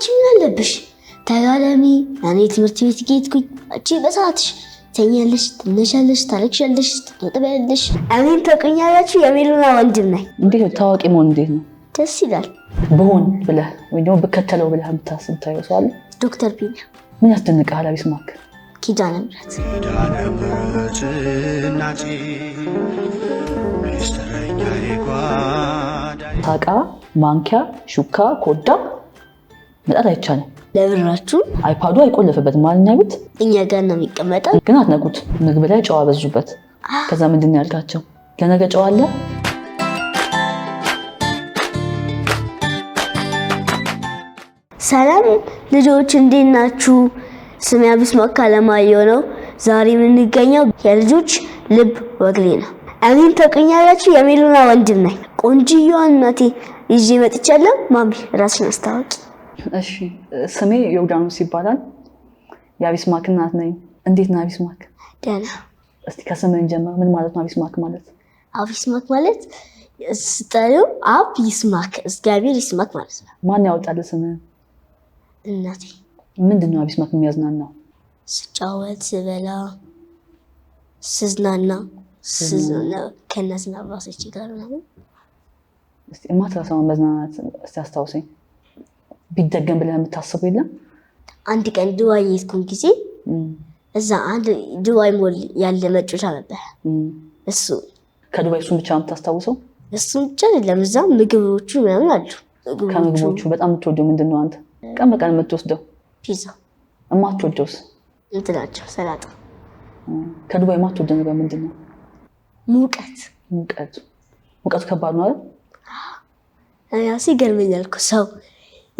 አንቺ ምን አለብሽ? ተጋዳሚ እኔ ትምህርት ቤት ጌትኩኝ። አንቺ በሰዓትሽ ተኛለሽ፣ ትነሻለሽ፣ ታረግሻለሽ፣ ትጠጥበያለሽ። እኔም ታውቁኛላችሁ የሜሉና ወንድም ነኝ። እንዴት ነው ታዋቂ መሆን እንዴት ነው? ደስ ይላል። ብሆን ብለህ ወይ ደግሞ ብከተለው ብለህ የምታስብ ታየው ሰው አለ? ዶክተር ቢኒያ ምን ያስደንቅሃል? አቤት ማክ ኪዳነ ምሕረት ኪዳነ ምሕረት እናቴ ሚስጥረኛ ጓዳ ታቃ ማንኪያ ሹካ ኮዳ መጣት አይቻልም። ለብራችሁ አይፓዱ አይቆለፍበትም። ማንኛ ቤት እኛ ጋር ነው የሚቀመጠው። ግን አትነቁት። ምግብ ላይ ጨዋ በዙበት። ከዛ ምንድን ያልካቸው ለነገ ጨዋ አለ። ሰላም ልጆች እንዴት ናችሁ? ስሜ አቢስማክ አለማየሁ ነው። ዛሬ የምንገኘው የልጆች ልብ ወግሌ ነው። እኔን ታውቁኛላችሁ። የሚሉና ወንድም ነኝ። ቆንጅየዋ እናቴ ይዤ መጥቻለሁ። ማሚ ራስሽን አስታወቂ እሺ ስሜ ዮርዳኖስ ይባላል። የአቢስማክ እናት ነኝ። እንዴት ነህ አቢስማክ? ደህና። እስቲ ከስምህን ጀምር። ምን ማለት ነው አቢስማክ ማለት? አቢስማክ ማለት ስጠሪው አብ ይስማክ እግዚአብሔር ይስማክ ማለት ነው። ማን ያወጣልህ ስምህን? እናቴ። ምንድን ነው አቢስማክ የሚያዝናናው? ስጫወት፣ ስበላ፣ ስዝናና ከእናትና አባቶች ጋር ምናምን። እስቲ የማትረሳውን መዝናናት እስቲ አስታውሰኝ። ቢደገም ብለህ የምታስበው የለም? አንድ ቀን ድዋይ የሄድኩኝ ጊዜ እዛ አንድ ድዋይ ሞል ያለ መጮቻ ነበር። እሱ ከዱባይ እሱን ብቻ ነው የምታስታውሰው? እሱን ብቻ አይደለም፣ እዛ ምግቦቹ ምናምን አሉ። ከምግቦቹ በጣም የምትወደው ምንድን ነው አንተ? ቀን በቀን የምትወስደው ፒዛ። የማትወደውስ እንትናቸው ሰላጣ። ከዱባይ የማትወደው ነገር ምንድን ነው? ሙቀት። ሙቀቱ ሙቀቱ ከባድ ነው አይደል? እራሴ እኮ ሰው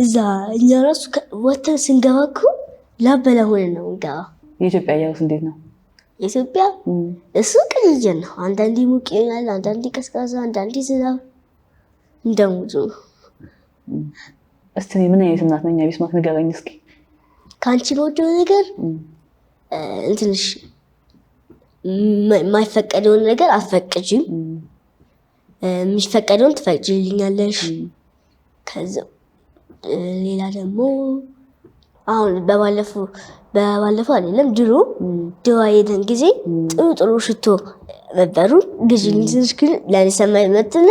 እዛ እኛ ራሱ ወተን ስንገባ እኮ ላበላ ሆነ ነው እንገባ። የኢትዮጵያ አየሩስ እንዴት ነው? የኢትዮጵያ እሱ ቅንጅ ነው። አንዳንዴ ሙቅ ይሆናል፣ አንዳንዴ ቀዝቃዛ፣ አንዳንዴ ዝናብ እንደሙጡ እስቲ ምን አይነት እናት ነኝ ቢስማት ንገረኝ እስኪ። ከአንቺ የምወደው ነገር እንትንሽ የማይፈቀደውን ነገር አትፈቅጂም፣ የሚፈቀደውን ትፈቅጂልኛለሽ ከዚያው ሌላ ደግሞ አሁን በባለፉ በባለፈው አይደለም ድሮ ድዋ የሄደን ጊዜ ጥሩ ጥሩ ሽቶ ነበሩ። ግዢ ልትስክል ለሰማ ይመጥነ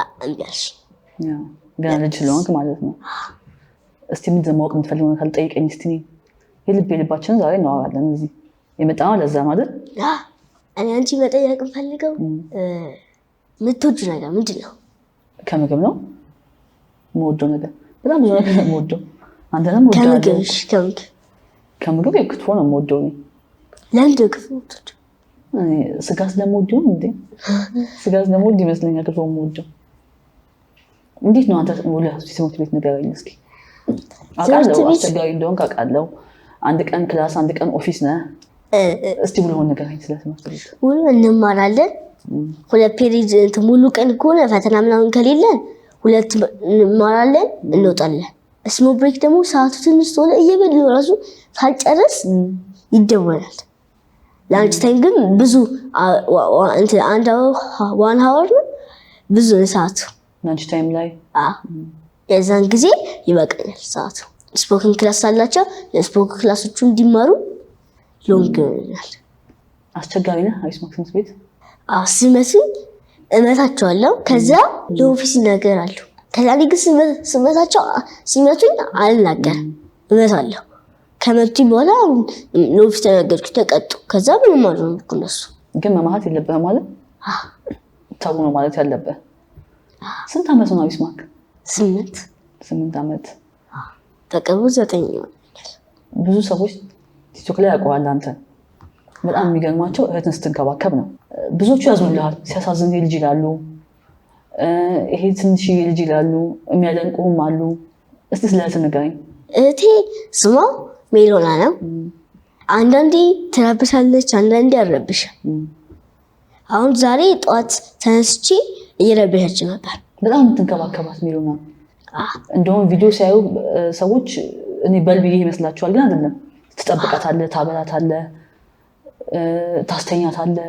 አምቢያሽ ገና ልጅ ስለሆንክ ማለት ነው። እስቲ ምን ማወቅ የምትፈልግ ነገር ጠይቀኝ እስቲ። የልብ የልባችንን ዛሬ እናወራለን። እዚህ የመጣነው ለዛ ማለት እኔ አንቺ መጠየቅ የምፈልገው የምትወጂው ነገር ምንድን ነው? ከምግብ ነው የምወደው ነገር በጣም ብዙ ነገር ነው የምወደው። አንተንም ወደዋለሁ። ከምግብ ክትፎ ነው የምወደው። ለምንድን ክትፎ ስጋ ስለምወደው ነው እንዴ? ስጋ ስለምወድ ይመስለኛል ክትፎ የምወደው። እንዴት ነው አንተ ትምህርት ቤት ንገረኝ እስኪ። አውቃለሁ አስቸጋሪ እንደሆን አውቃለሁ። አንድ ቀን ክላስ፣ አንድ ቀን ኦፊስ ነህ። እስቲ ውሎህን ንገረኝ ስለ ትምህርት ቤት። ውሎ እንማራለን ሁለት ፔሪድ ሙሉ ቀን ከሆነ ፈተና ምናምን ከሌለን ሁለት እንማራለን እንወጣለን። እስሞ ብሬክ ደግሞ ሰዓቱ ትንሽ ሆነ እየበሉ ራሱ ሳልጨርስ ይደወላል። ላንች ታይም ግን ብዙ አንድ ዋን ሀወር ነው ብዙ ሰዓቱ ላንች ታይም ላይ የዛን ጊዜ ይበቃኛል ሰዓቱ። ስፖክን ክላስ አላቸው። የስፖክ ክላሶቹ እንዲማሩ ሎንግ ይሆናል። አስቸጋሪ ነው። አሪስ ማክሰኞ ቤት ሲመስል እመታቸዋለሁ። ከዛ ለኦፊስ ይናገራሉ። ከዛ እኔ ግን ስመታቸው ሲመቱኝ አልናገርም፣ እመታለሁ። ከመቱኝ በኋላ ለኦፊስ ተናገርኩ፣ ተቀጡ። ከዛ ምንም አልሆንኩ። እነሱ ግን መማሀት የለብህ ማለት ተው ነው ማለት ያለብህ። ስንት አመት ነው ቢስማክ? ስምንት ስምንት አመት በቅርቡ ዘጠኝ ብዙ ሰዎች ቲክቶክ ላይ ያውቀዋል አንተን። በጣም የሚገርማቸው እህትን ስትንከባከብ ነው ብዙዎቹ ያዝኑልሃል። ሲያሳዝን ልጅ ይላሉ፣ ይሄ ትንሽዬ ልጅ ይላሉ፣ የሚያደንቁም አሉ። እስቲ ስለት እህት ንገረኝ። እህቴ ስሟ ሜሎና ነው። አንዳንዴ ትረብሻለች፣ አንዳንዴ አረብሻል። አሁን ዛሬ ጠዋት ተነስቼ እየረብሻች ነበር። በጣም የምትንከባከባት ሜሎና። እንደውም ቪዲዮ ሲያዩ ሰዎች እኔ በልብዬ ይመስላችኋል፣ ግን አይደለም። ትጠብቃታለህ፣ ታበላታለህ፣ ታስተኛታለህ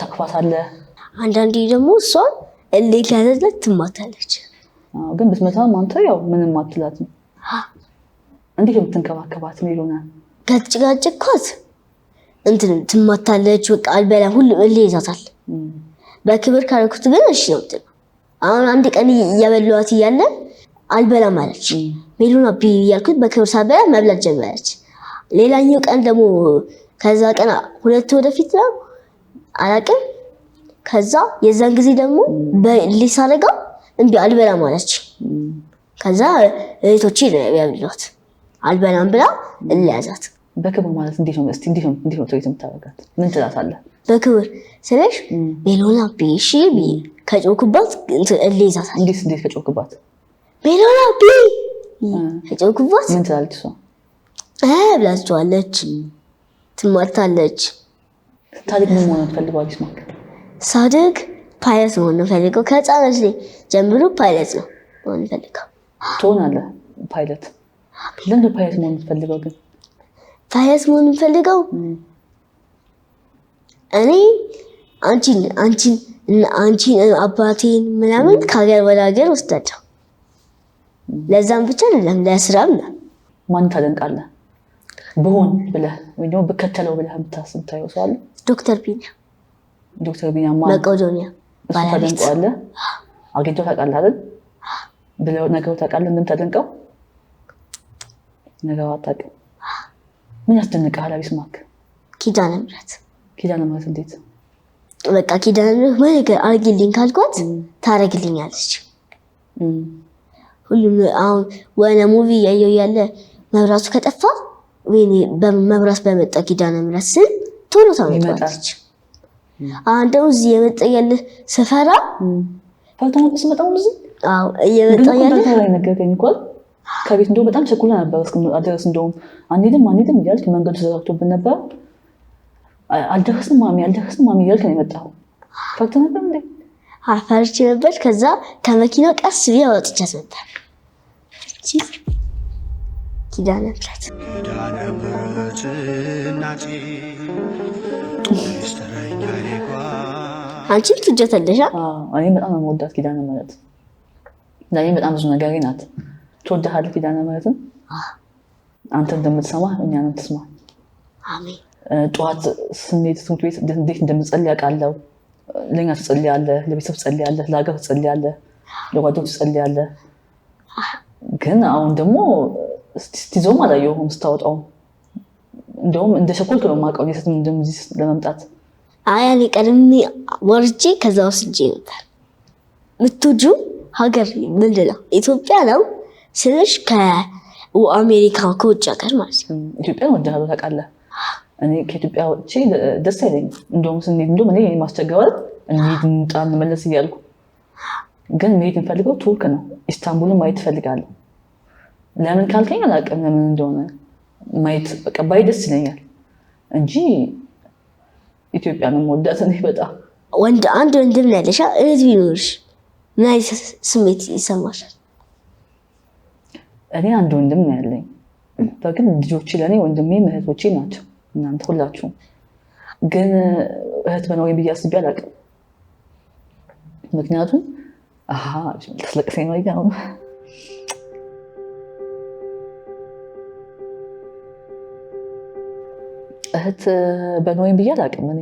ታቅፋታለህ። አንዳንዴ ደግሞ እሷን እንዴት ያዘለት ትማታለች። ግን ብትመታም አንተ ያው ምንም አትላትም። እንዴት የምትንከባከባት ነው ይሆናል። ከተጨቃጨቅኳት እንትን ትማታለች። በቃ አልበላ ሁሉ እሌ ይዛታል። በክብር ካደረኩት ግን እሺ ነው የምትለው። አሁን አንድ ቀን እያበለዋት እያለ አልበላም አለች። ሜሎና ቢ እያልኩት በክብር ሳበላ መብላት ጀመረች። ሌላኛው ቀን ደግሞ ከዛ ቀን ሁለት ወደፊት ነው አላቅም። ከዛ የዛን ጊዜ ደግሞ በሊሳ አለጋ እምቢ አልበላም አለች። ከዛ እህቶቼ ነው ያብሏት አልበላም ብላ እለያዛት። በክብር ማለት እንዴት ነው? እስቲ እንዴት ነው እንዴት ነው ትሪት የምታደርጋት? ምን ትላታለህ? በክብር ስለሽ ቤሎላ ቢሺ ቢ ከጮክባት እለይዛታል። እንዴት እንዴት ከጮክባት ቤሎላ ቢ ከጮክባት ምን ትላለች? እሷ እ ብላችኋለች፣ ትማርታለች ታድግ ምን መሆን ትፈልገው? አዲስ ሳድግ ፓይለት መሆን ነው ፈልገው። ከህፃነት ጀምሮ ፓይለት ነው መሆን ፈልገው። ትሆናለህ ፓይለት። ለምን ፓይለት መሆን ትፈልገው? ግን ፓይለት መሆን ፈልገው እኔ አንቺን አንቺን አንቺን አባቴን ምናምን ከሀገር ወደ ሀገር ወስዳቸው። ለዛም ብቻ አይደለም ለስራም ነው። ማን ታደንቃለህ? ብሆን ብለህ ወይ ደግሞ ብከተለው ብለህ የምታስምታየው ሰው አለ? ዶክተር ቢኒያ ዶክተር ቢኒያ መቄዶንያ ተደንቀዋለህ? አግኝቶ ታውቃለህ አይደል? ብለው ነገሩ ታውቃለህ? እንደምታደንቀው ነገሩ አታውቅም። ምን ያስደንቀሃል? ቢስማክ ኪዳነ ምሕረት ኪዳነ ምሕረት እንዴት በቃ ኪዳነ ምሕረት ወይ አርግልኝ አርጊልኝ ካልኳት ታረግልኛለች። ሁሉም አሁን ወነ ሙቪ ያየው ያለ መብራቱ ከጠፋ ወይኔ መብራት በመጣ ኪዳነ ምሕረት ስል ቶሎ ታመጣለች። አሁን ደግሞ እዚህ የመጣ ያለ ስፈራ ታውታውስ መጣው እዚህ አዎ እየመጣ ያለ ከቤት እንደው በጣም ቸኩላ ነበር እስክንወጣ ድረስ እንደውም አንሄድም አንሄድም እያልክ መንገድ ተዘጋግቶብን ነበር። አልደረስንም ማሚ አልደረስንም ማሚ እያልክ ነው የመጣው። ፈርተ ነበር እንዴ? አፈርቼ ነበር። ከዛ ከመኪና ቀስ ብዬ አወጥቻት ነበር። ኪዳነ ምሕረት አንቺ ትጀተለሻ እኔ በጣም ነው የምወዳት ኪዳነ ምሕረት ለእኔ በጣም ብዙ ነገር ናት። ትወዳሃለህ ኪዳነ ምሕረትን አንተ እንደምትሰማ እኛ ነው ትስማ። ጠዋት ስንሄድ ትምህርት ቤት እንዴት እንደምትጸልይ አውቃለሁ። ለእኛ ትጸልያለህ፣ ለቤተሰብ ትጸልያለህ፣ ለሀገር ትጸልያለህ፣ ለጓደኞች ትጸልያለህ። ግን አሁን ደግሞ ስትይዘውም አላየሁም ስታወጣው። እንዲሁም እንደሸኮልክ ነው የማውቀው እንደዚህ ለመምጣት። አያኔ እኔ ቀድሜ ወርጄ ከዛ ወስጄ ነበር። ምትጁ ሀገር ምንድን ነው? ኢትዮጵያ ነው ስልሽ ከአሜሪካ ከውጭ ሀገር ማለት ነው። ኢትዮጵያን ወዳሉ ታውቃለህ። እኔ ከኢትዮጵያ ወጥቼ ደስ አይለኝም። እንደውም ስንሄድ እንደውም እኔ ማስቸገባል እንሂድ እንውጣ እንመለስ እያልኩ ግን መሄድ እንፈልገው ቱርክ ነው። ኢስታንቡልን ማየት እፈልጋለሁ። ለምን ካልከኝ አላውቅም። ለምን እንደሆነ ማየት በቀባይ ደስ ይለኛል እንጂ ኢትዮጵያን ነው የምወዳት እኔ በጣም። ወንድ አንድ ወንድም ነው ያለሽ እህት ቢኖርሽ ምን አይነት ስሜት ይሰማሻል? እኔ አንድ ወንድም ነው ያለኝ። ግን ልጆች ለእኔ ወንድሜ እህቶቼ ናቸው። እናንተ ሁላችሁም ግን እህት ወይም ብዬ አስቤ አላውቅም። ምክንያቱም ተስለቅሴ ነው እህት በኖኝ ብዬ አላውቅም። እኔ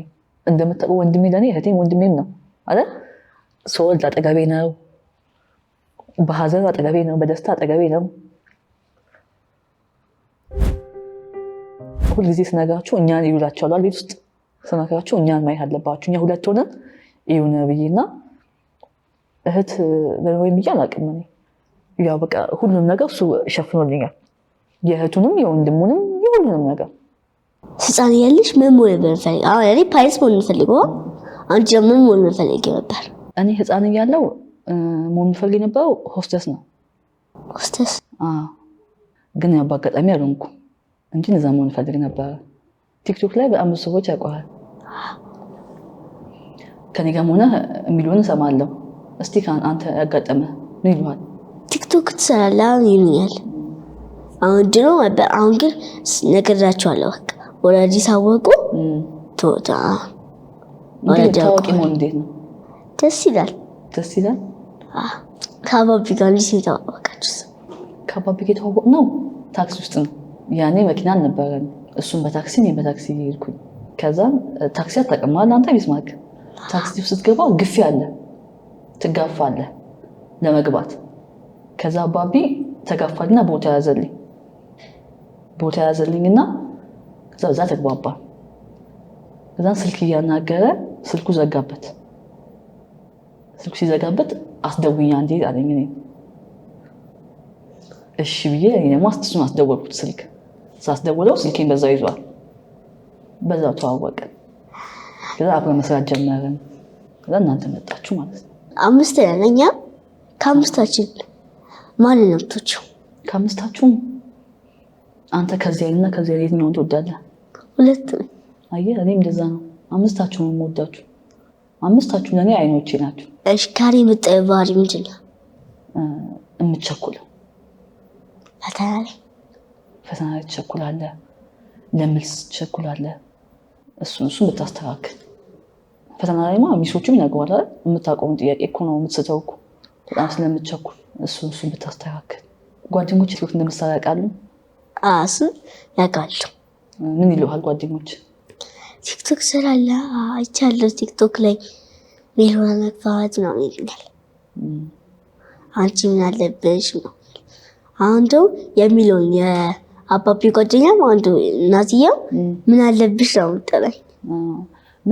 እንደምታውቀው ወንድሜ ለእኔ እህቴም ወንድሜም ነው አይደል? ሰወልድ አጠገቤ ነው፣ በሀዘን አጠገቤ ነው፣ በደስታ አጠገቤ ነው። ሁልጊዜ ስነግራችሁ እኛን ይሉላቸዋል። ቤት ውስጥ ስነግራችሁ እኛን ማየት አለባችሁ፣ እኛ ሁለት ሆነን ይሁን ብዬ እና እህት በኖኝ ብዬ አላውቅም። እኔ ያው በቃ ሁሉንም ነገር እሱ ሸፍኖልኛል። የእህቱንም የወንድሙንም የሁሉንም ነገር ህፃን እያለሽ ምን መሆን ነበር የምፈልገው? አሁን እኔ ፓይስ መሆን የምፈልገው። አንቺ ምን መሆን የምፈልገው ነበር? እኔ ህፃን እያለሁ መሆን የምፈልግ የነበረው ሆስተስ ነው። ሆስተስ? ግን ያው በአጋጣሚ አልሆንኩም እንጂ እዛ መሆን እፈልግ ነበረ። ቲክቶክ ላይ በጣም ብዙ ሰዎች ያውቀዋል። ከኔ ጋር ሆነ የሚሉን እሰማለሁ። እስቲ አንተ ያጋጠመ ምን ይሉሃል? ቲክቶክ ትሰራለህ አሁን ይሉኛል። አሁን ድሮ ነበር፣ አሁን ግን ነግሬያቸዋለሁ በቃ ወላጅ ሳወቁ ቶታ ወላጅ እንዴት ነው? ደስ ይላል። ደስ ይላል። ከአባቢ ጋር ልጅ የተዋወቃችሁ ከአባቢ ጋር ነው። ታክሲ ውስጥ ነው ያኔ መኪና አልነበረን። እሱን በታክሲ እኔም በታክሲ ሄድኩኝ። ከዛ ታክሲ አታውቅም አንተ ቢስማክ ታክሲ ውስጥ ስትገባ ግፊ አለ ትጋፋ አለ ለመግባት። ከዛ አባቢ ተጋፋልና ቦታ ያዘልኝ ቦታ ያዘልኝና ከዛ ተግባባ። ከዛ ስልክ እያናገረ ስልኩ ዘጋበት። ስልኩ ሲዘጋበት አስደውኛ እንዴ አለኝ። እሺ ብዬ እኔ ደግሞ እሱን አስደወልኩት። ስልክ ሳስደውለው ስልኬን በዛው ይዟል። በዛው ተዋወቅን። ከዛ አብረን መስራት ጀመርን። ከዛ እናንተ መጣችሁ ማለት ነው። አምስት ነን እኛ። ከአምስታችን ማን ነው የምትወጪው? ከአምስታችሁም አንተ ከዚያ እና ከዚያ የትኛውን ትወዳለህ? ሁለት ነኝ። አየህ እኔም እንደዛ ነው። አምስታችሁ ነው የምወዳችሁ። አምስታችሁ ለእኔ አይኖቼ ናቸው። እሺ ካሌ የምታየው ባህሪ ምንድን ነው? የምትቸኩለው ፈተና ላይ ፈተና ላይ ትቸኩላለህ፣ ለመልስ ትቸኩላለህ። እሱን እሱን ብታስተካክል ፈተና ላይ ማ ሚሶቹም ይነግሯል አይደል? የምታቆሙ ጥያቄ እኮ ነው የምትስተው እኮ በጣም ስለምትቸኩል እሱን እሱን ብታስተካክል ጓደኞች ስሎት እንደምሳሌ ያውቃሉ። እሱን ያውቃሉ ምን ይለዋል ጓደኞች? ቲክቶክ ስላለ አይቻለሁ። ቲክቶክ ላይ ሜልሆና መግፋት ነው ይሉኛል። አንቺ ምን አለብሽ ነው አንዱ የሚለውን የአባቢ ጓደኛም አንዱ እናትየው ምን አለብሽ ነው የምትጠራኝ።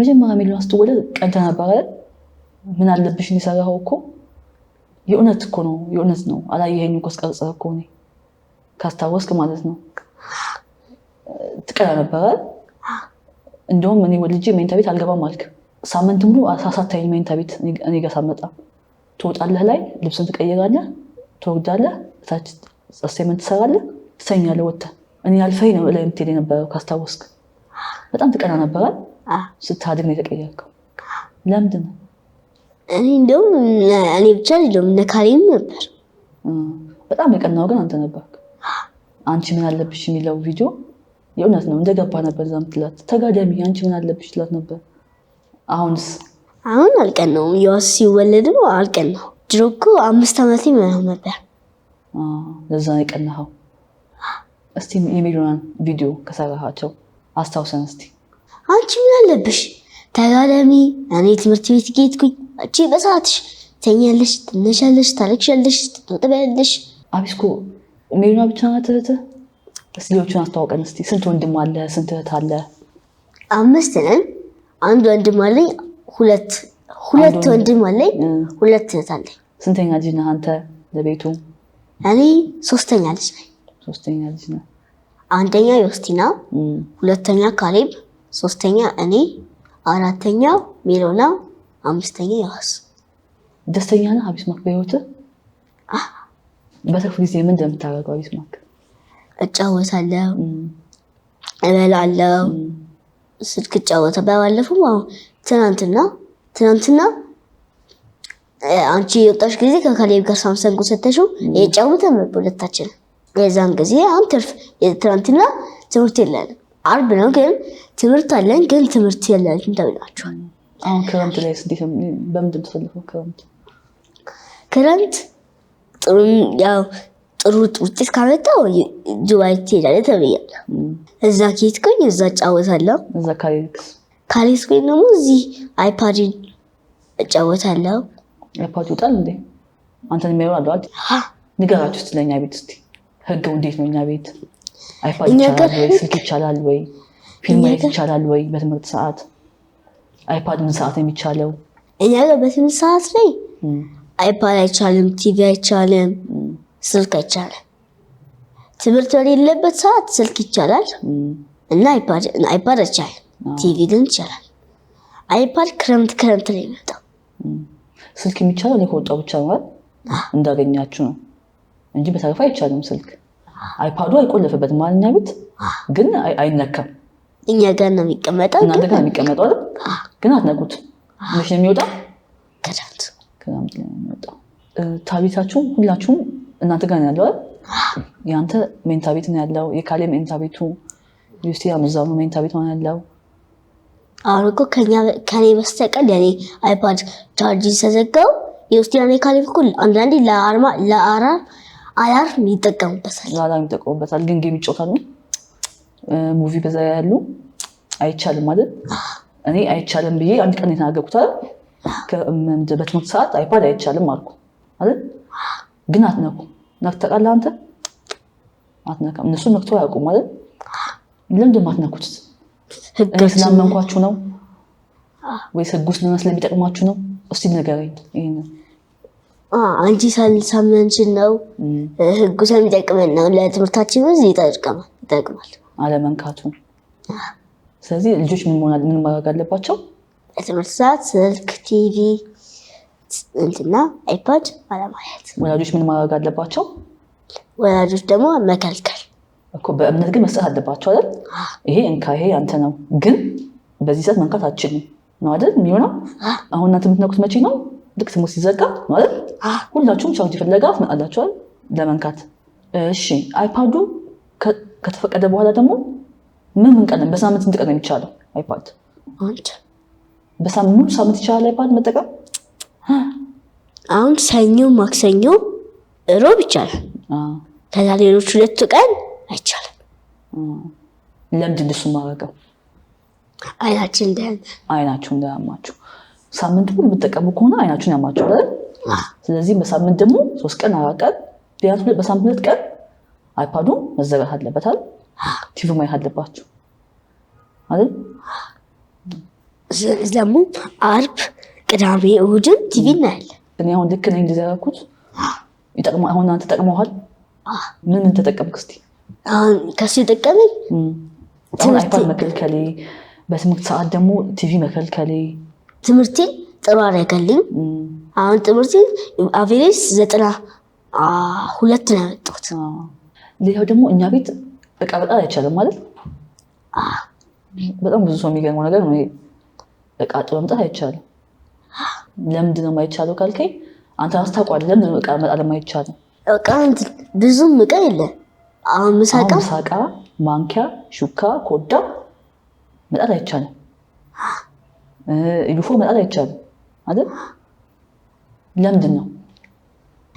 መጀመሪያ ሜልሆና ስትወለድ ቀንተ ነበረ ምን አለብሽ የሰራኸው እኮ የእውነት እኮ ነው የእውነት ነው። አላየኸኝም እኮ ስቀርጽህ እኮ ነው ካስታወስክ ማለት ነው ትቀና ነበረ። እንዲሁም እኔ ወልጄ መኝታ ቤት አልገባም አልክ። ሳምንት ሙሉ አሳሳታኝ መኝታ ቤት እኔ ጋር ሳመጣ ትወጣለህ፣ ላይ ልብስን ትቀይራለህ፣ ትወርዳለህ፣ ታች አሳይመንት ትሰራለህ፣ ትሰኛለ ወጥተህ እኔ አልፈኝ ነው ላይ የምትሄድ የነበረው ካስታወስክ። በጣም ትቀና ነበረ። ስታድግ ነው የተቀየርከው። ለምንድን ነው? እኔ እንደውም እኔ ብቻ ለም ነካሌም ነበር። በጣም የቀናው ግን አንተ ነበርክ። አንቺ ምን አለብሽ የሚለው ቪዲዮ የእውነት ነው እንደገባ ነበር እዛም ትላት ተጋዳሚ አንቺ ምን አለብሽ ትላት ነበር። አሁንስ አሁን አልቀን ነው ያው ሲወለድ ነው አልቀን ነው። ድሮ እኮ አምስት ዓመቴ ምናምን ነበር። ለዛ ነው የቀናኸው። እስቲ የሜሪናን ቪዲዮ ከሰራሃቸው አስታውሰን እስቲ። አንቺ ምን አለብሽ ተጋዳሚ፣ እኔ ትምህርት ቤት ጌትኩኝ፣ አንቺ በሰዓትሽ ተኛለሽ፣ ትነሻለሽ፣ ታለቅሻለሽ፣ ትጠጥበያለሽ። አቢስኮ ሜሪና ብቻ ናት እህትህ? ልጆቹን አስተዋውቀን እስኪ። ስንት ወንድም አለ? ስንት እህት አለ? አምስት ነን። አንድ ወንድም አለኝ። ሁለት ሁለት ወንድም አለኝ። ሁለት እህት አለኝ። ስንተኛ ልጅ ነህ አንተ ለቤቱ? እኔ ሶስተኛ ልጅ ነኝ። ሶስተኛ ልጅ ነህ። አንደኛ ዮስቲና፣ ሁለተኛ ካሌብ፣ ሶስተኛ እኔ፣ አራተኛ ሜሎና አምስተኛ ዮሐስ። ደስተኛ ነህ አቢስማክ በህይወት? በትርፍ ጊዜ ምን እንደምታደርገው አቢስማክ እጫወታለሁ፣ እበላለሁ፣ ስልክ እጫወታ ባለፈው አሁን ትናንትና ትናንትና አንቺ የወጣሽ ጊዜ ከካሌብ ጋር ሳምሰንግ ሰተሽው የጫወተ ሁለታችን የዛን ጊዜ አሁን ትርፍ ትናንትና ትምህርት የለን አርብ ነው ግን ትምህርት አለን ግን ትምህርት የለን ተብላችኋል። አሁን ክረምት ላይ በምንድን ትፈልገው? ክረምት ክረምት ጥሩ ያው ጥሩ ውጤት ካመጣው ዱባይ ትሄዳለህ ተብያለሁ። እዛ ከሄድኩኝ እዛ እጫወታለሁ። እዛ ካልሄድኩኝ ደግሞ እዚህ አይፓድን እጫወታለሁ። አይፓድ ይወጣል እንዴ? አንተን የሚያዩ አለ አይደል? ንገራችሁ እስኪ ለእኛ ቤት እስኪ ህገው እንዴት ነው? እኛ ቤት አይፓድ ይቻላል ወይ? ስልክ ይቻላል ወይ? ፊልም ማየት ይቻላል ወይ? በትምህርት ሰዓት አይፓድ ምን ሰዓት ነው የሚቻለው? እኛ ጋር በትምህርት ሰዓት ላይ አይፓድ አይቻልም፣ ቲቪ አይቻልም። ስልክ አይቻልም። ትምህርት በሌለበት ሰዓት ስልክ ይቻላል እና አይፓድ አይቻልም። ቲቪ ግን ይቻላል። አይፓድ ክረምት ክረምት ላይ ይመጣው ስልክ የሚቻለው ከወጣ ብቻ ነው እንዳገኛችሁ ነው እንጂ በተረፈ አይቻልም። ስልክ አይፓዱ አይቆለፍበትም ማንኛ ቤት ግን አይነካም። እኛ ጋር ነው የሚቀመጠው። እናንተ ጋር የሚቀመጠው አይደል? ግን አትነኩት። መቼ ነው የሚወጣ? ክረምት ክረምት ነው የሚወጣው። ታቤታችሁም ሁላችሁም እናንተ ጋር ነው ያለው የአንተ ሜንታ ቤት ነው ያለው፣ የካሌ ሜንታ ቤቱ ዩስቲ አመዛኑ ሜንታ ቤት ሆን ያለው። አሁን እኮ ከኔ በስተቀር የኔ አይፓድ ቻርጅ ተዘጋው። የውስጥ ኔ ካሌ እኮ አንዳንዴ ለአራም አላርም ይጠቀሙበታል፣ ለአላርም ይጠቀሙበታል። ግን ጌም ይጫወታሉ፣ ሙቪ በዛ ያሉ አይቻልም ማለት እኔ አይቻልም ብዬ አንድ ቀን የተናገርኩት አይደል? በትምህርት ሰዓት አይፓድ አይቻልም አልኩ አይደል? ግን አትነኩም። ነክተቃለህ አንተ አትነካም። እነሱ ነክቶ አያውቁም ማለት ለምንድን ማትነኩት? ስላመንኳችሁ ነው ወይስ ህጉ ስለሚጠቅማችሁ ነው? እስቲ ንገረኝ። አንቺ ሳልሳመንሽን ነው ህጉ ስለሚጠቅመን ነው። ለትምህርታችን ዚ ይጠቅማል አለመንካቱ። ስለዚህ ልጆች ምን ማድረግ አለባቸው? ትምህርት ሰዓት ስልክ፣ ቲቪ እንትና አይፓድ አለማየት። ወላጆች ምን ማድረግ አለባቸው? ወላጆች ደግሞ መከልከል እኮ በእምነት ግን መስጠት አለባቸው አይደል? ይሄ እንካ ይሄ አንተ ነው፣ ግን በዚህ ሰዓት መንካት አችልም ነው አይደል የሚሆነው። አሁን እናንተ የምትነኩት መቼ ነው? ልክ ትምህርት ሲዘጋ ማለት ሁላችሁም ቻርጅ ፍለጋ ትመጣላችኋል ለመንካት። እሺ አይፓዱ ከተፈቀደ በኋላ ደግሞ ምን ምን ቀን በሳምንት ስንት ቀን የሚቻለው አይፓድ? በሳምንት ሙሉ ሳምንት ይቻላል አይፓድ መጠቀም አሁን ሰኞ፣ ማክሰኞ፣ ሮብ ይቻላል። ከዛ ሌሎች ሁለቱ ቀን አይቻልም። ለምንድን እሱ ማድረገው? አይናችን እንዳያም አይናችሁ እንዳያማችሁ ሳምንት ሙሉ የምጠቀሙ ከሆነ አይናችሁን ያማችኋል ስለዚህ በሳምንት ደግሞ ሶስት ቀን አራት ቀን ቢያንስ በሳምንት ሁለት ቀን አይፓዱ መዘጋት አለበታል። ቲቪ ማየት አለባችሁ አይደል? ደግሞ አርብ፣ ቅዳሜ፣ እሑድን ቲቪ እናያለን። እኔ አሁን ልክ ነኝ እንደዚህ ያደረኩት አሁን አንተ ጠቅመዋል። ምን ምን ተጠቀምክ እስኪ? ከሱ የጠቀመኝ አይፓድ መከልከሌ፣ በትምህርት ሰዓት ደግሞ ቲቪ መከልከሌ ትምህርቴ ጥሩ አደረገልኝ። አሁን ትምህርቴ አቬሬጅ ዘጠና ሁለት ነው ያመጣሁት። ሌላው ደግሞ እኛ ቤት በቃ በጣም አይቻልም ማለት በጣም ብዙ ሰው የሚገርመው ነገር ነው። በቃ ጥሩ መምጣት አይቻልም ለምንድን ነው የማይቻለው ካልከኝ አንተ አስታውቋል። ለምን እቃ መጣል የማይቻለው? እቃ ብዙም እቃ የለ። ምሳቃ ምሳቃ፣ ማንኪያ፣ ሹካ፣ ኮዳ መጣል አይቻልም። ዩፎ መጣል አይቻልም አይደል? ለምንድን ነው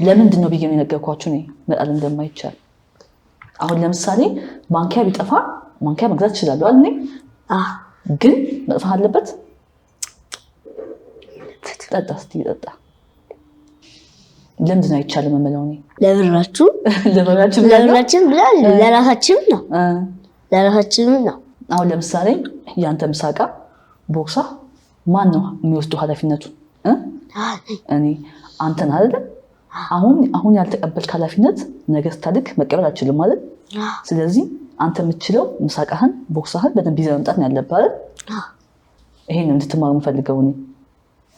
ለምንድን ነው ብዬ ነው የነገርኳችሁ እኔ መጣል እንደማይቻል። አሁን ለምሳሌ ማንኪያ ቢጠፋ ማንኪያ መግዛት ይችላሉ አይደል? ግን መጥፋት አለበት ጠጣ ስትይ ጠጣ። ለምንድን ነው አይቻልም የምለው? እኔ ለብራችሁ ለብራችን ብለን ለራሳችንም ነው ለራሳችንም ነው። አሁን ለምሳሌ ያንተ ምሳቃ ቦክሳ ማን ነው የሚወስዱ ኃላፊነቱ? እኔ አንተን አይደለም። አሁን አሁን ያልተቀበልክ ኃላፊነት ነገ ስታድግ መቀበል አችልም ማለት። ስለዚህ አንተ የምትችለው ምሳቃህን ቦክሳህን በደንብ ይዘህ መምጣት ነው ያለብህ አይደል? ይሄን እንድትማሩ የምፈልገው እኔ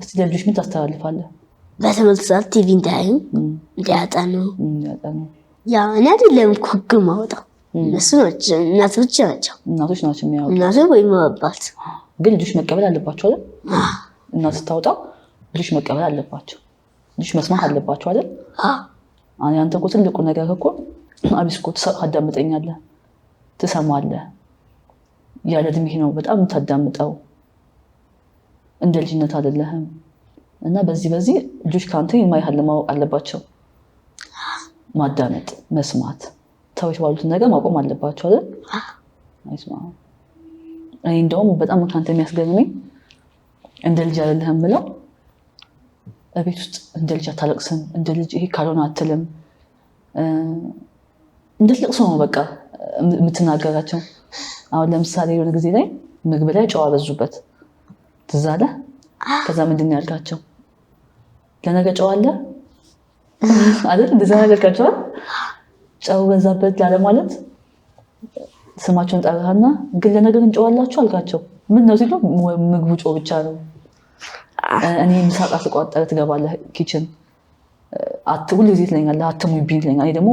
እስቲ ለልጆች ምን ታስተላልፋለህ? ሰዓት ቲቪ እንዳያዩ እንዲያጠኑ ያ እኔ አይደለም እኮ ህግ ማውጣው እነሱ ናቸው እናቶች ናቸው እናቶች ናቸው የሚያወጡ እናቶች ወይም አባት ግን ልጆች መቀበል አለባቸው አይደል እናት ስታወጣ ልጆች መቀበል አለባቸው ልጆች መስማት አለባቸው አይደል አሁን አንተ እኮ ትልቁ ነገር እኮ አቢስ እኮ ታዳምጠኛለህ ትሰማለህ ያለ እድሜህ ነው በጣም የምታዳምጠው እንደ ልጅነት አይደለህም እና በዚህ በዚህ ልጆች ከአንተ የማይሃል ማወቅ አለባቸው። ማዳመጥ፣ መስማት፣ ተው የተባሉትን ነገር ማቆም አለባቸው አይደል? እኔ እንደውም በጣም ከአንተ የሚያስገርመኝ እንደ ልጅ አይደለህም ብለው ቤት ውስጥ እንደ ልጅ አታለቅስም፣ እንደ ልጅ ይሄ ካልሆነ አትልም፣ እንደ ሰው ነው በቃ የምትናገራቸው። አሁን ለምሳሌ የሆነ ጊዜ ላይ ምግብ ላይ ጨዋ በዙበት። ትዝ አለ። ከዛ ምንድን ነው ያልካቸው? ለነገ ጨው አለ አይደል? እንደዚያ ነገር ካቸዋል። ጨው በዛበት ላለ ማለት ስማቸውን ጠራና፣ ግን ለነገ ግን ጨው አላችሁ አልካቸው። ምን ነው ሲሉ ምግቡ ጨው ብቻ ነው። እኔ ምሳቃ ተቋጠረ ትገባለህ ኪችን ሁሉ ጊዜ ትለኛለህ፣ አትሙይብኝ ትለኛለህ። እኔ ደግሞ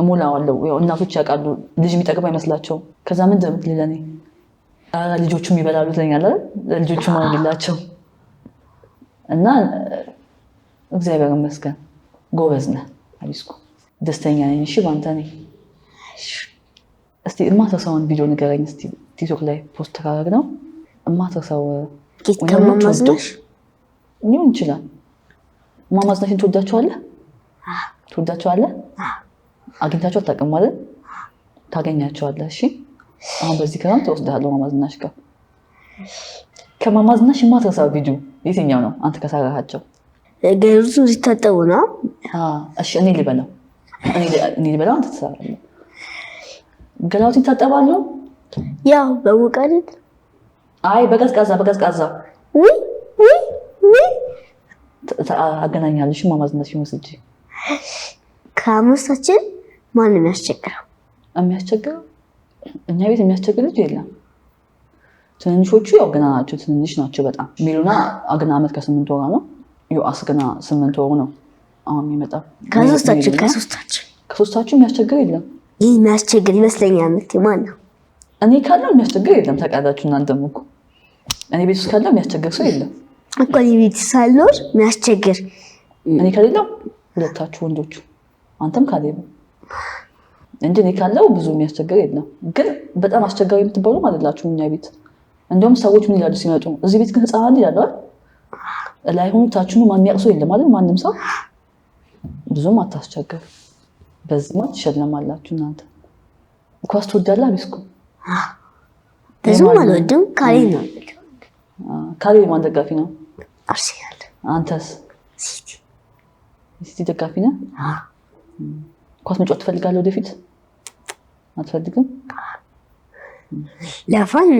እሞላዋለሁ። እናቶች ያውቃሉ፣ ልጅ የሚጠቅም አይመስላቸውም። ከዛ ምን ዘምትልለኔ ልጆቹም ይበላሉ ትለኛለ ልጆቹ ማንላቸው እና እግዚአብሔር ይመስገን ጎበዝ ነህ አቢስኩ ደስተኛ ነኝ። እሺ በአንተ ነኝ። እስቲ የማትረሳውን ቪዲዮ ንገረኝ እስቲ። ቲክቶክ ላይ ፖስት ተካረግ ነው የማትረሳው ሊሆን ይችላል። ማማዝናሽን ትወዳቸዋለህ ትወዳቸዋለህ። አግኝታቸው አታውቅም ማለት ታገኛቸዋለህ። እሺ አሁን በዚህ ክረምት እወስድሃለሁ ማማ ጋር። ከማማ የማትረሳው ቪዲዮ የትኛው ነው? አንተ ከሰራሃቸው ገዙ ሲታጠቡ ነው። እሺ እኔ ልበላው እኔ ልበላው አንተ ትሰራለህ። ገላውት ይታጠባሉ። ያው በሙቀት አይ በቀዝቃዛ በቀዝቃዛ አገናኛለሽ ማማ ዝናሽ ከአምስታችን ማንም ያስቸግረው የሚያስቸግረው እኛ ቤት የሚያስቸግር ልጅ የለም። ትንንሾቹ ያው ገና ናቸው፣ ትንንሽ ናቸው በጣም። ሚሉና አግና ዓመት ከስምንት ወሯ ነው። ዮአስ ገና ስምንት ወሩ ነው አሁን የሚመጣው። ከሶስታችን ከሶስታችን ከሶስታችን የሚያስቸግር የለም። ይህ የሚያስቸግር ይመስለኛ ምት ማን ነው? እኔ ካለው የሚያስቸግር የለም። ታውቃላችሁ እናንተም እኮ እኔ ቤት ውስጥ ካለው የሚያስቸግር ሰው የለም እኮ። እኔ ቤት ሳልኖር የሚያስቸግር እኔ ከሌለው ሁለታችሁ ወንዶቹ አንተም ካሌለው እንጂ እኔ ካለው ብዙ የሚያስቸግር የለም። ግን በጣም አስቸጋሪ የምትባሉ አይደላችሁም እኛ ቤት። እንዲሁም ሰዎች ምን ይላሉ ሲመጡ፣ እዚህ ቤት ግን ህፃን ይላሉ ላይሆኑ ታችኑ ማሚያቅሶ የለም አይደል? ማንም ሰው ብዙም አታስቸግር። በዚህ ትሸለማላችሁ እናንተ። ኳስ ትወዳለህ? አቤስኩ ብዙም አልወድም። ካሌ ነው። ካሌ የማን ደጋፊ ነው? አርሴናል። አንተስ? ሲቲ። ሲቲ ደጋፊ ነህ? ኳስ መጫወት ትፈልጋለህ ወደፊት? አትፈልግም? ለፋን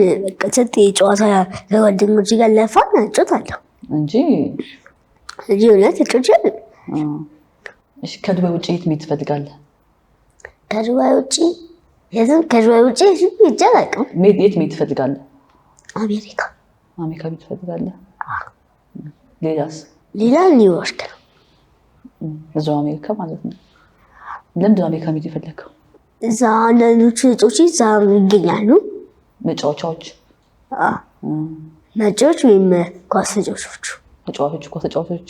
ቅጽት የጨዋታ ከጓደኞች ጋር ለፋን እጫወታለሁ እንጂ እዚህ እውነት እጮቻል። እሺ ከዱባይ ውጭ የት መሄድ ትፈልጋለህ? ከዱባይ ውጭ የትም ከዱባይ ውጭ ሄጄ አላውቅም። የት መሄድ ትፈልጋለህ? አሜሪካ። አሜሪካ ቤት ትፈልጋለህ? ሌላስ? ሌላ ኒውዮርክ ነው። እዛው አሜሪካ ማለት ነው። ለምንድን ነው አሜሪካ መሄድ የፈለግከው? እዛ አንዳንዶቹ እጾች እዛ ይገኛሉ። መጫወቻዎች መጫወች ወይም ኳስ ተጫዋቾቹ ተጫዋቾች ኳስ ተጫዋቾች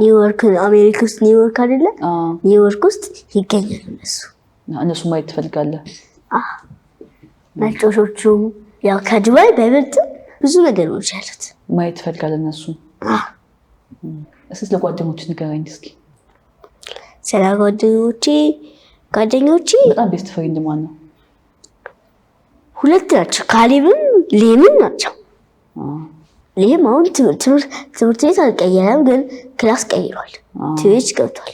ኒውዮርክ አሜሪካ ውስጥ ኒውዮርክ አይደለ? ኒውዮርክ ውስጥ ይገኛሉ እነሱ እነሱ ማየት ትፈልጋለህ? መጫወቾቹ ያው ከዱባይ በይበልጥ ብዙ ነገሮች ያሉት ማየት ትፈልጋለህ? እነሱ እስኪ ስለ ጓደኞች ንገረኝ እስኪ ስለ ጓደኞቼ ጓደኞቼ በጣም ቤስት ፍሬንድ ማን ነው? ሁለት ናቸው። ካሌብም ሌምም ናቸው። ሌም አሁን ትምህርት ቤት አልቀየረም፣ ግን ክላስ ቀይሯል። ትዌች ገብቷል።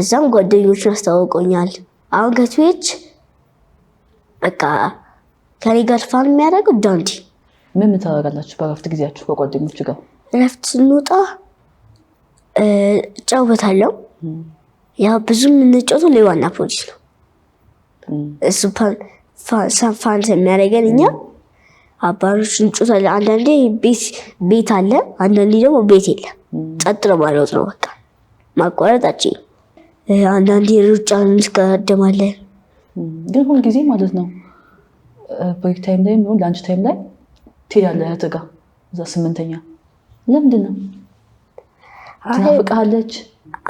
እዛም ጓደኞቹን አስተዋውቆኛል። አሁን ከትዌች በቃ ከኔ ጋር ፋን የሚያደርገው ዳንዲ። ምን ታደርጋላችሁ በእረፍት ጊዜያችሁ ከጓደኞቹ ጋር? ረፍት ስንወጣ እጫወታለሁ ያው ብዙ የምንጫወተው ለዋና ፖሊስ ነው። እሱ ፋንስ የሚያደርገን እኛ አባሮች እንጮታለን። አንዳንዴ ቤት አለ፣ አንዳንዴ ደግሞ ቤት የለም። ጸጥ ነው ማለት ነው። በቃ ማቋረጣችን አንዳንዴ ሩጫ እንስቀደማለን። ግን ሁል ጊዜ ማለት ነው ብሬክ ታይም ላይ ሆን ላንች ታይም ላይ ትሄዳለህ እህትህ ጋር እዛ ስምንተኛ ለምንድን ነው ትናፍቅሃለች?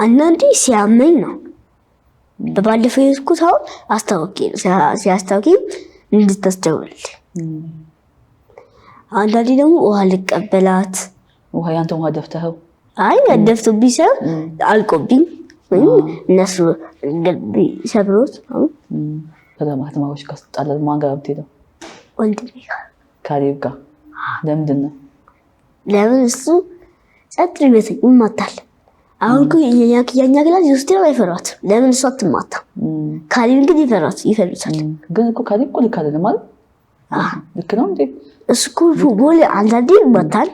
አንዳንዴ ሲያመኝ ነው። በባለፈው የዝኩት አሁን አስታወቂ ሲያስታወቂ እንድታስደውል አንዳንዴ ደግሞ ውሃ ልቀበላት ውሃ ያንተ ውሃ ደፍተኸው አይ ደፍቶብኝ ሰብ አልቆብኝ ወይም እነሱ ገልቢ ሰብሮት ከዘማት ማዎች ከስጣለ ማን ጋር ብትሄደው ወንድሜ ጋር ካሌብ ጋር ለምንድን ነው ለምን እሱ ጸጥ ቤት ይማታል አሁን የኛ ክላስ ዩስቲን አይፈሯት። ለምን እሷ ትማታ? ካሊብን ግን ይፈሯት ይፈልሳል። ግን እኮ ካሊብ እኮ ልክ አይደለም ማለት ልክ ነው እንዴ? እስኩል እኮ አንዳንዴ ይመታል።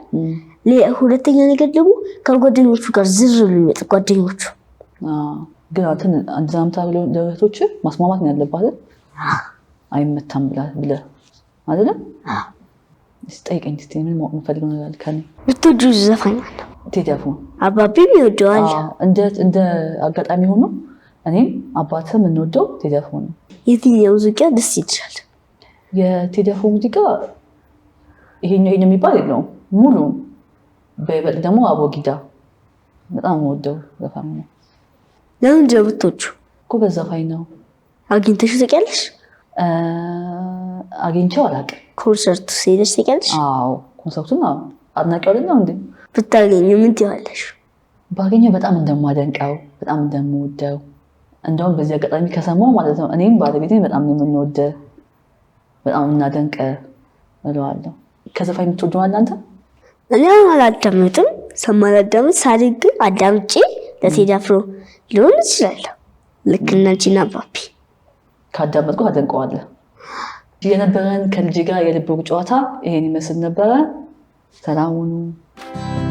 ሁለተኛ ነገር ደግሞ ከጓደኞቹ ጋር ዝር ብሎ ይመጣል። ጓደኞቹ ግን አንተን አንድ ዛምታ ብለው ለእህቶች ማስማማት ነው ያለብህ አይደል? አይመታም ብለ አይደለም። እስኪ ጠይቀኝ እስኪ ምን የምፈልገው ነገር አለ ከእኔ ብትወጂው ዘፋኝ አለ ቴዲያፎ አባቢም ይወደዋል። እንደ እንደ አጋጣሚ ሆኖ እኔም አባትም እንወደው ቴዲያፎ ነው። የትኛው ሙዚቃ ደስ ይችላል? የቴዲያፎ ሙዚቃ ይሄኛው ይሄን የሚባል የለውም። ሙሉ በይበልጥ ደግሞ አቦጊዳ በጣም ወደው ዘፋኝ ነው። ለምን ጀብቶቹ ጎበዝ ዘፋኝ ነው። አግኝተሽ ታውቂያለሽ? አግኝቼው አላውቅም። ኮንሰርቱ ሄደሽ ታውቂያለሽ? አዎ ኮንሰርቱን አድናቂ ነው እንዴ ብታገኙ ምን ትይዋለሽ? ባገኘው በጣም እንደማደንቀው በጣም እንደምወደው እንደውም በዚህ አጋጣሚ ከሰማው ማለት ነው እኔም ባለቤቴን በጣም የምንወደ በጣም እናደንቀ እለዋለሁ። ከዘፋ የምትወደው አለ አንተ? እኔ አላዳምጥም። ሰማላዳምጥ ሳሪግ ግን አዳምጬ ለቴዲ አፍሮ ሊሆን እችላለሁ። ልክ እናንቺና ባፒ ካዳመጥኩ አደንቀዋለሁ። የነበረን ከልጅ ጋር የልብ ጨዋታ ይሄን ይመስል ነበረ። ሰላሙኑ you